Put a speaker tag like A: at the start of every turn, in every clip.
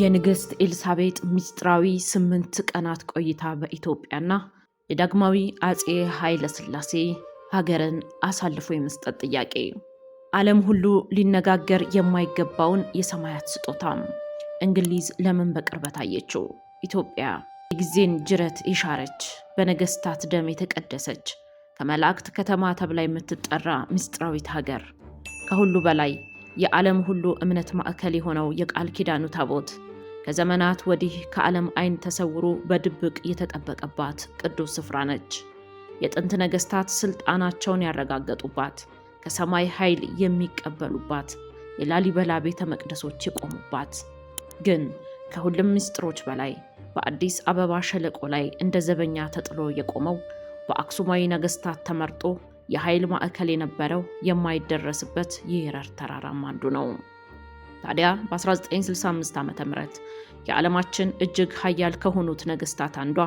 A: የንግሥት ኤልሳቤጥ ምስጢራዊ ስምንት ቀናት ቆይታ በኢትዮጵያና የዳግማዊ አጼ ኃይለ ሥላሴ ሀገርን አሳልፎ የመስጠት ጥያቄ ዓለም ሁሉ ሊነጋገር የማይገባውን የሰማያት ስጦታም እንግሊዝ ለምን በቅርበት አየችው? ኢትዮጵያ የጊዜን ጅረት የሻረች በነገስታት ደም የተቀደሰች ከመላእክት ከተማ ተብላ የምትጠራ ምስጢራዊት ሀገር ከሁሉ በላይ የዓለም ሁሉ እምነት ማዕከል የሆነው የቃል ኪዳኑ ታቦት ከዘመናት ወዲህ ከዓለም ዓይን ተሰውሮ በድብቅ የተጠበቀባት ቅዱስ ስፍራ ነች። የጥንት ነገሥታት ሥልጣናቸውን ያረጋገጡባት፣ ከሰማይ ኃይል የሚቀበሉባት፣ የላሊበላ ቤተ መቅደሶች የቆሙባት ግን ከሁሉም ምስጢሮች በላይ በአዲስ አበባ ሸለቆ ላይ እንደ ዘበኛ ተጥሎ የቆመው በአክሱማዊ ነገሥታት ተመርጦ የኃይል ማዕከል የነበረው የማይደረስበት የይረር ተራራም አንዱ ነው። ታዲያ በ1965 ዓ ም የዓለማችን እጅግ ሀያል ከሆኑት ነገስታት አንዷ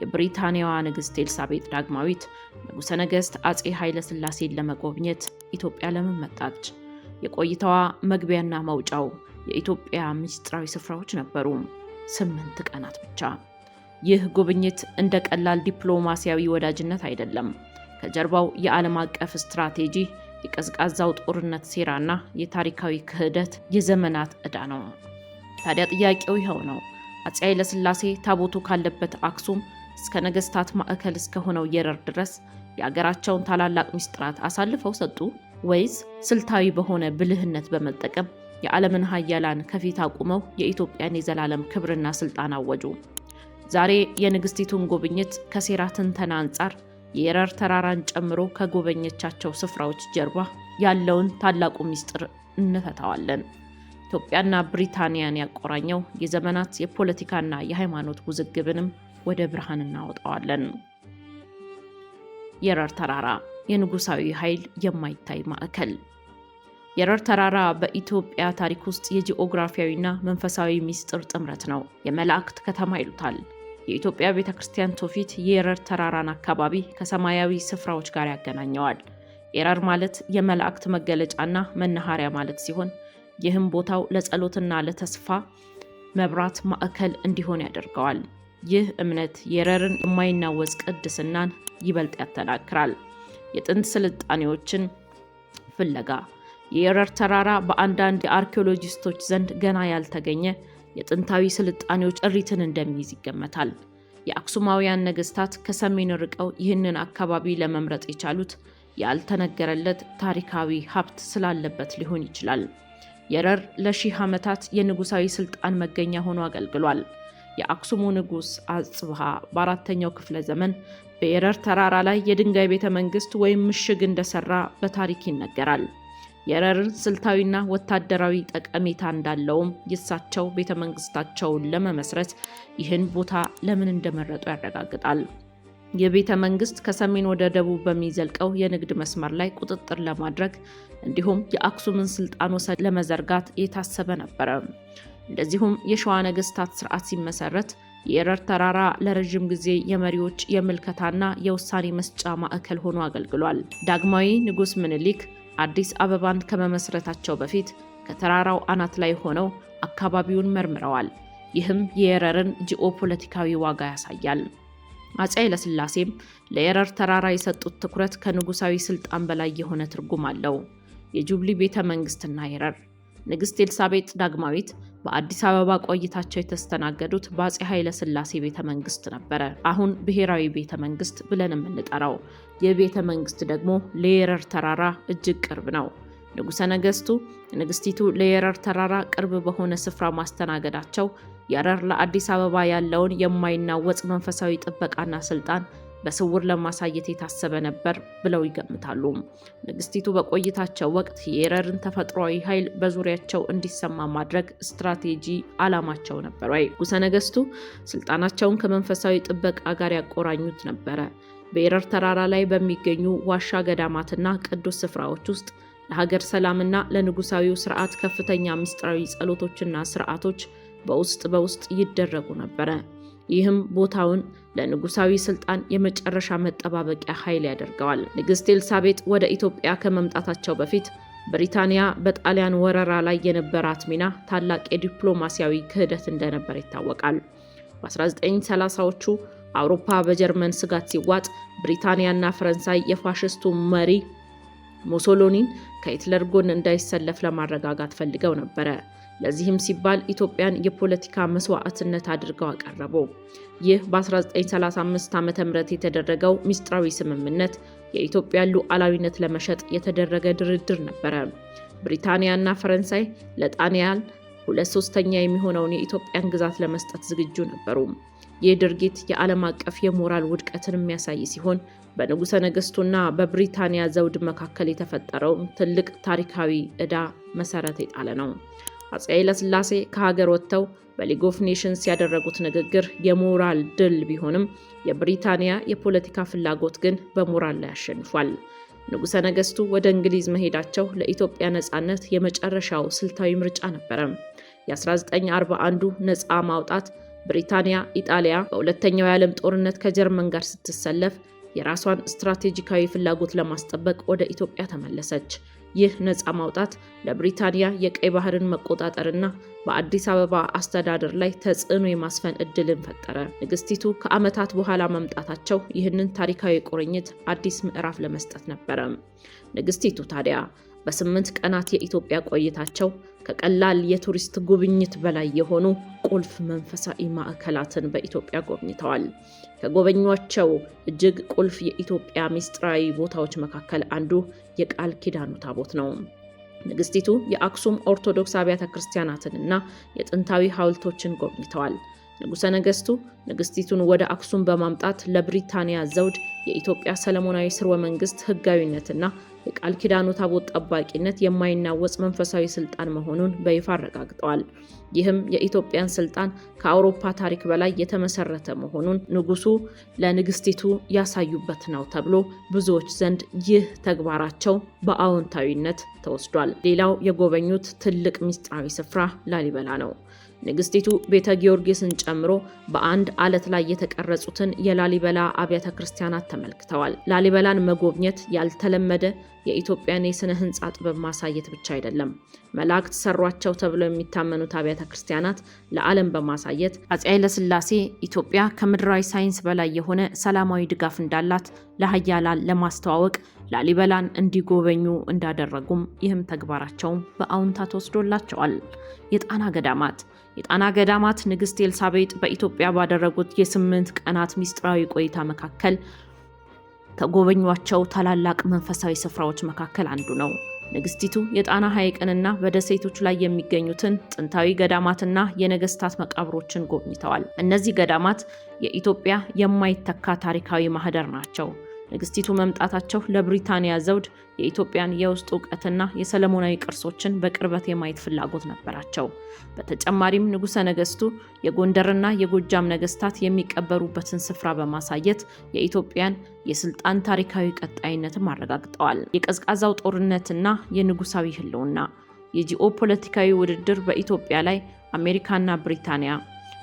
A: የብሪታንያዋ ንግሥት ኤልሳቤጥ ዳግማዊት ንጉሠ ነገሥት አጼ ኃይለ ሥላሴን ለመጎብኘት ኢትዮጵያ ለምን መጣች? የቆይታዋ መግቢያና መውጫው የኢትዮጵያ ምስጢራዊ ስፍራዎች ነበሩ። ስምንት ቀናት ብቻ። ይህ ጉብኝት እንደ ቀላል ዲፕሎማሲያዊ ወዳጅነት አይደለም። ከጀርባው የዓለም አቀፍ ስትራቴጂ የቀዝቃዛው ጦርነት ሴራና የታሪካዊ ክህደት የዘመናት ዕዳ ነው። ታዲያ ጥያቄው ይኸው ነው። አፄ ኃይለሥላሴ ታቦቱ ካለበት አክሱም እስከ ነገሥታት ማዕከል እስከሆነው የረር ድረስ የአገራቸውን ታላላቅ ሚስጥራት አሳልፈው ሰጡ ወይስ ስልታዊ በሆነ ብልህነት በመጠቀም የዓለምን ሀያላን ከፊት አቁመው የኢትዮጵያን የዘላለም ክብርና ስልጣን አወጁ? ዛሬ የንግስቲቱን ጉብኝት ከሴራ ትንተና አንጻር የኤረር ተራራን ጨምሮ ከጎበኘቻቸው ስፍራዎች ጀርባ ያለውን ታላቁ ምስጢር እንፈታዋለን። ኢትዮጵያና ብሪታንያን ያቆራኘው የዘመናት የፖለቲካና የሃይማኖት ውዝግብንም ወደ ብርሃን እናወጣዋለን። የኤረር ተራራ የንጉሳዊ ኃይል የማይታይ ማዕከል። የኤረር ተራራ በኢትዮጵያ ታሪክ ውስጥ የጂኦግራፊያዊና መንፈሳዊ ምስጢር ጥምረት ነው። የመላእክት ከተማ ይሉታል። የኢትዮጵያ ቤተ ክርስቲያን ትውፊት የኤረር ተራራን አካባቢ ከሰማያዊ ስፍራዎች ጋር ያገናኘዋል። ኤረር ማለት የመላእክት መገለጫና መናኸሪያ ማለት ሲሆን ይህም ቦታው ለጸሎትና ለተስፋ መብራት ማዕከል እንዲሆን ያደርገዋል። ይህ እምነት የኤረርን የማይናወዝ ቅድስናን ይበልጥ ያጠናክራል። የጥንት ስልጣኔዎችን ፍለጋ የኤረር ተራራ በአንዳንድ የአርኪኦሎጂስቶች ዘንድ ገና ያልተገኘ የጥንታዊ ስልጣኔዎች እሪትን እንደሚይዝ ይገመታል። የአክሱማውያን ነገስታት ከሰሜን ርቀው ይህንን አካባቢ ለመምረጥ የቻሉት ያልተነገረለት ታሪካዊ ሀብት ስላለበት ሊሆን ይችላል። የረር ለሺህ ዓመታት የንጉሳዊ ስልጣን መገኛ ሆኖ አገልግሏል። የአክሱሙ ንጉሥ አጽብሃ በአራተኛው ክፍለ ዘመን በየረር ተራራ ላይ የድንጋይ ቤተ መንግስት ወይም ምሽግ እንደሰራ በታሪክ ይነገራል። የረርን ስልታዊና ወታደራዊ ጠቀሜታ እንዳለውም የእሳቸው ቤተ መንግስታቸውን ለመመስረት ይህን ቦታ ለምን እንደመረጡ ያረጋግጣል። የቤተ መንግስት ከሰሜን ወደ ደቡብ በሚዘልቀው የንግድ መስመር ላይ ቁጥጥር ለማድረግ እንዲሁም የአክሱምን ስልጣን ወሰን ለመዘርጋት የታሰበ ነበረ። እንደዚሁም የሸዋ ነገስታት ስርዓት ሲመሰረት የኤረር ተራራ ለረዥም ጊዜ የመሪዎች የምልከታና የውሳኔ መስጫ ማዕከል ሆኖ አገልግሏል። ዳግማዊ ንጉስ ምኒልክ አዲስ አበባን ከመመስረታቸው በፊት ከተራራው አናት ላይ ሆነው አካባቢውን መርምረዋል። ይህም የኤረርን ጂኦፖለቲካዊ ዋጋ ያሳያል። አፄ ኃይለሥላሴም ለኤረር ተራራ የሰጡት ትኩረት ከንጉሳዊ ስልጣን በላይ የሆነ ትርጉም አለው። የጁብሊ ቤተ መንግስትና ኤረር ንግሥት ኤልሳቤጥ ዳግማዊት በአዲስ አበባ ቆይታቸው የተስተናገዱት በአፄ ኃይለ ሥላሴ ቤተ መንግስት ነበረ። አሁን ብሔራዊ ቤተ መንግስት ብለን የምንጠራው ይህ ቤተ መንግስት ደግሞ ለየረር ተራራ እጅግ ቅርብ ነው። ንጉሠ ነገሥቱ ንግሥቲቱ ለየረር ተራራ ቅርብ በሆነ ስፍራ ማስተናገዳቸው የረር ለአዲስ አበባ ያለውን የማይናወጽ መንፈሳዊ ጥበቃና ስልጣን በስውር ለማሳየት የታሰበ ነበር ብለው ይገምታሉ። ንግስቲቱ በቆይታቸው ወቅት የኤረርን ተፈጥሯዊ ኃይል በዙሪያቸው እንዲሰማ ማድረግ ስትራቴጂ አላማቸው ነበር ወይ? ንጉሠ ነገሥቱ ስልጣናቸውን ከመንፈሳዊ ጥበቃ ጋር ያቆራኙት ነበረ። በኤረር ተራራ ላይ በሚገኙ ዋሻ ገዳማትና ቅዱስ ስፍራዎች ውስጥ ለሀገር ሰላምና ለንጉሳዊው ስርዓት ከፍተኛ ምስጢራዊ ጸሎቶችና ስርዓቶች በውስጥ በውስጥ ይደረጉ ነበረ። ይህም ቦታውን ለንጉሳዊ ስልጣን የመጨረሻ መጠባበቂያ ኃይል ያደርገዋል። ንግሥት ኤልሳቤጥ ወደ ኢትዮጵያ ከመምጣታቸው በፊት ብሪታንያ በጣሊያን ወረራ ላይ የነበራት ሚና ታላቅ የዲፕሎማሲያዊ ክህደት እንደነበር ይታወቃል። በ1930ዎቹ አውሮፓ በጀርመን ስጋት ሲዋጥ ብሪታንያና ፈረንሳይ የፋሽስቱ መሪ ሙሶሎኒን ከሂትለር ጎን እንዳይሰለፍ ለማረጋጋት ፈልገው ነበረ። ለዚህም ሲባል ኢትዮጵያን የፖለቲካ መስዋዕትነት አድርገው አቀረቡ። ይህ በ1935 ዓ ም የተደረገው ሚስጥራዊ ስምምነት የኢትዮጵያን ሉዓላዊነት ለመሸጥ የተደረገ ድርድር ነበረ። ብሪታንያና ፈረንሳይ ለጣሊያን ሁለት ሶስተኛ የሚሆነውን የኢትዮጵያን ግዛት ለመስጠት ዝግጁ ነበሩ። ይህ ድርጊት የዓለም አቀፍ የሞራል ውድቀትን የሚያሳይ ሲሆን በንጉሠ ነገሥቱና በብሪታንያ ዘውድ መካከል የተፈጠረውን ትልቅ ታሪካዊ ዕዳ መሠረት የጣለ ነው። ኃይለ ኃይለሥላሴ ከሀገር ወጥተው በሊግ ኦፍ ኔሽንስ ያደረጉት ንግግር የሞራል ድል ቢሆንም የብሪታንያ የፖለቲካ ፍላጎት ግን በሞራል ላይ አሸንፏል። ንጉሠ ነገሥቱ ወደ እንግሊዝ መሄዳቸው ለኢትዮጵያ ነፃነት የመጨረሻው ስልታዊ ምርጫ ነበረ። የ1941ዱ ነፃ ማውጣት ብሪታንያ ኢጣሊያ በሁለተኛው የዓለም ጦርነት ከጀርመን ጋር ስትሰለፍ የራሷን ስትራቴጂካዊ ፍላጎት ለማስጠበቅ ወደ ኢትዮጵያ ተመለሰች። ይህ ነፃ ማውጣት ለብሪታንያ የቀይ ባህርን መቆጣጠርና በአዲስ አበባ አስተዳደር ላይ ተጽዕኖ የማስፈን እድልን ፈጠረ። ንግስቲቱ ከዓመታት በኋላ መምጣታቸው ይህንን ታሪካዊ ቁርኝት አዲስ ምዕራፍ ለመስጠት ነበረ። ንግስቲቱ ታዲያ በስምንት ቀናት የኢትዮጵያ ቆይታቸው ከቀላል የቱሪስት ጉብኝት በላይ የሆኑ ቁልፍ መንፈሳዊ ማዕከላትን በኢትዮጵያ ጎብኝተዋል። ከጎበኟቸው እጅግ ቁልፍ የኢትዮጵያ ምስጢራዊ ቦታዎች መካከል አንዱ የቃል ኪዳኑ ታቦት ነው። ንግስቲቱ የአክሱም ኦርቶዶክስ አብያተ ክርስቲያናትንና የጥንታዊ ሐውልቶችን ጎብኝተዋል። ንጉሠ ነገሥቱ ንግስቲቱን ወደ አክሱም በማምጣት ለብሪታንያ ዘውድ የኢትዮጵያ ሰለሞናዊ ስርወ መንግስት ህጋዊነትና ። የቃል ኪዳኑ ታቦት ጠባቂነት የማይናወጽ መንፈሳዊ ስልጣን መሆኑን በይፋ አረጋግጠዋል። ይህም የኢትዮጵያን ስልጣን ከአውሮፓ ታሪክ በላይ የተመሰረተ መሆኑን ንጉሱ ለንግስቲቱ ያሳዩበት ነው ተብሎ ብዙዎች ዘንድ ይህ ተግባራቸው በአዎንታዊነት ተወስዷል። ሌላው የጎበኙት ትልቅ ምስጢራዊ ስፍራ ላሊበላ ነው። ንግስቲቱ ቤተ ጊዮርጊስን ጨምሮ በአንድ አለት ላይ የተቀረጹትን የላሊበላ አብያተ ክርስቲያናት ተመልክተዋል። ላሊበላን መጎብኘት ያልተለመደ የኢትዮጵያን የሥነ ሕንፃ ጥበብ ማሳየት ብቻ አይደለም፣ መላእክት ሰሯቸው ተብለው የሚታመኑት አብያተ ክርስቲያናት ለዓለም በማሳየት አፄ ኃይለሥላሴ ኢትዮጵያ ከምድራዊ ሳይንስ በላይ የሆነ ሰላማዊ ድጋፍ እንዳላት ለሀያላን ለማስተዋወቅ ላሊበላን እንዲጎበኙ እንዳደረጉም ይህም ተግባራቸውም በአውንታ ተወስዶላቸዋል። የጣና ገዳማት የጣና ገዳማት ንግሥት ኤልሳቤጥ በኢትዮጵያ ባደረጉት የስምንት ቀናት ሚስጥራዊ ቆይታ መካከል ከጎበኟቸው ታላላቅ መንፈሳዊ ስፍራዎች መካከል አንዱ ነው። ንግስቲቱ የጣና ሐይቅንና በደሴቶች ላይ የሚገኙትን ጥንታዊ ገዳማትና የነገስታት መቃብሮችን ጎብኝተዋል። እነዚህ ገዳማት የኢትዮጵያ የማይተካ ታሪካዊ ማህደር ናቸው። ንግስቲቱ መምጣታቸው ለብሪታንያ ዘውድ የኢትዮጵያን የውስጥ እውቀትና የሰለሞናዊ ቅርሶችን በቅርበት የማየት ፍላጎት ነበራቸው። በተጨማሪም ንጉሠ ነገሥቱ የጎንደርና የጎጃም ነገሥታት የሚቀበሩበትን ስፍራ በማሳየት የኢትዮጵያን የስልጣን ታሪካዊ ቀጣይነትም አረጋግጠዋል። የቀዝቃዛው ጦርነትና የንጉሳዊ ህልውና የጂኦ ፖለቲካዊ ውድድር በኢትዮጵያ ላይ አሜሪካና ብሪታንያ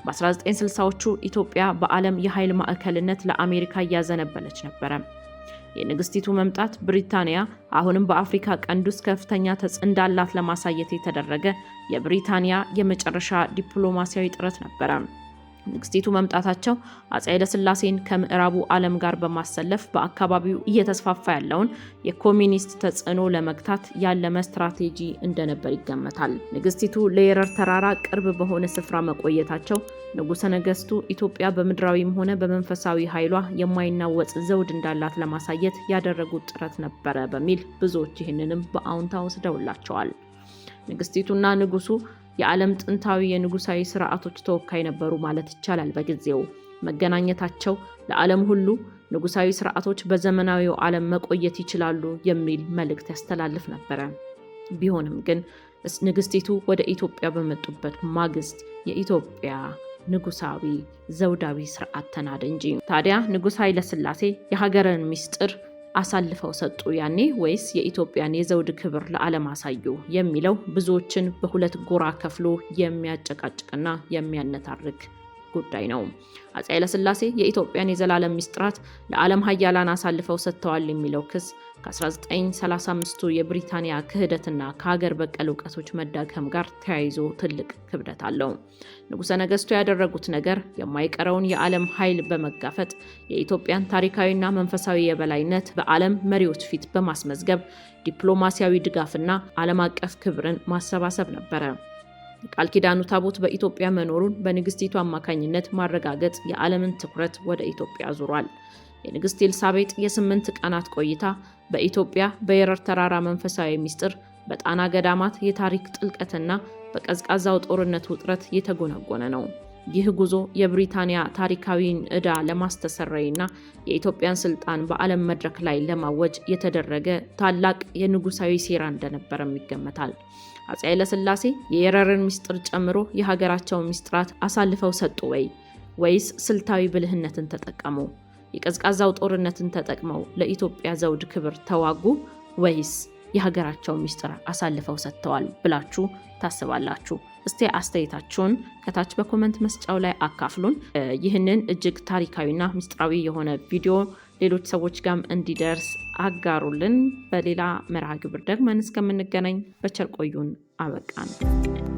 A: በ1960ዎቹ ኢትዮጵያ በዓለም የኃይል ማዕከልነት ለአሜሪካ እያዘነበለች ነበረ። የንግስቲቱ መምጣት ብሪታንያ አሁንም በአፍሪካ ቀንድ ውስጥ ከፍተኛ ተጽዕኖ እንዳላት ለማሳየት የተደረገ የብሪታንያ የመጨረሻ ዲፕሎማሲያዊ ጥረት ነበረ። ንግስቲቱ መምጣታቸው አፄ ኃይለሥላሴን ከምዕራቡ ዓለም ጋር በማሰለፍ በአካባቢው እየተስፋፋ ያለውን የኮሚኒስት ተጽዕኖ ለመግታት ያለመ ስትራቴጂ እንደነበር ይገመታል። ንግስቲቱ ለየረር ተራራ ቅርብ በሆነ ስፍራ መቆየታቸው ንጉሠ ነገሥቱ ኢትዮጵያ በምድራዊም ሆነ በመንፈሳዊ ኃይሏ የማይናወጽ ዘውድ እንዳላት ለማሳየት ያደረጉት ጥረት ነበረ በሚል ብዙዎች ይህንንም በአውንታ ወስደውላቸዋል። ንግስቲቱና ንጉሱ የዓለም ጥንታዊ የንጉሳዊ ስርዓቶች ተወካይ ነበሩ ማለት ይቻላል። በጊዜው መገናኘታቸው ለዓለም ሁሉ ንጉሳዊ ስርዓቶች በዘመናዊው ዓለም መቆየት ይችላሉ የሚል መልእክት ያስተላልፍ ነበረ። ቢሆንም ግን ንግስቲቱ ወደ ኢትዮጵያ በመጡበት ማግስት የኢትዮጵያ ንጉሳዊ ዘውዳዊ ስርዓት ተናደ እንጂ። ታዲያ ንጉሥ ኃይለ ሥላሴ የሀገርን ምስጢር አሳልፈው ሰጡ ያኔ ወይስ የኢትዮጵያን የዘውድ ክብር ለዓለም አሳዩ የሚለው ብዙዎችን በሁለት ጎራ ከፍሎ የሚያጨቃጭቅና የሚያነታርክ ጉዳይ ነው። አፄ ኃይለሥላሴ የኢትዮጵያን የዘላለም ሚስጥራት ለዓለም ሀያላን አሳልፈው ሰጥተዋል የሚለው ክስ ከ1935ቱ የብሪታንያ ክህደትና ከሀገር በቀል እውቀቶች መዳከም ጋር ተያይዞ ትልቅ ክብደት አለው። ንጉሠ ነገሥቱ ያደረጉት ነገር የማይቀረውን የዓለም ኃይል በመጋፈጥ የኢትዮጵያን ታሪካዊና መንፈሳዊ የበላይነት በዓለም መሪዎች ፊት በማስመዝገብ ዲፕሎማሲያዊ ድጋፍና ዓለም አቀፍ ክብርን ማሰባሰብ ነበረ። የቃል ኪዳኑ ታቦት በኢትዮጵያ መኖሩን በንግስቲቱ አማካኝነት ማረጋገጥ የዓለምን ትኩረት ወደ ኢትዮጵያ ዙሯል። የንግስት ኤልሳቤጥ የስምንት ቀናት ቆይታ በኢትዮጵያ በየረር ተራራ መንፈሳዊ ሚስጥር፣ በጣና ገዳማት የታሪክ ጥልቀትና በቀዝቃዛው ጦርነት ውጥረት የተጎነጎነ ነው። ይህ ጉዞ የብሪታንያ ታሪካዊን ዕዳ ለማስተሰረይና የኢትዮጵያን ስልጣን በዓለም መድረክ ላይ ለማወጅ የተደረገ ታላቅ የንጉሳዊ ሴራ እንደነበረም ይገመታል። አፄ ኃይለሥላሴ የየረርን ምስጢር ጨምሮ የሀገራቸውን ምስጥራት አሳልፈው ሰጡ ወይ ወይስ ስልታዊ ብልህነትን ተጠቀሙ? የቀዝቃዛው ጦርነትን ተጠቅመው ለኢትዮጵያ ዘውድ ክብር ተዋጉ ወይስ የሀገራቸው ምስጢር አሳልፈው ሰጥተዋል ብላችሁ ታስባላችሁ? እስቲ አስተያየታችሁን ከታች በኮመንት መስጫው ላይ አካፍሉን። ይህንን እጅግ ታሪካዊና ምስጢራዊ የሆነ ቪዲዮ ሌሎች ሰዎች ጋም እንዲደርስ አጋሩልን። በሌላ መርሃ ግብር ደግመን እስከምንገናኝ በቸር ቆዩን። ነው።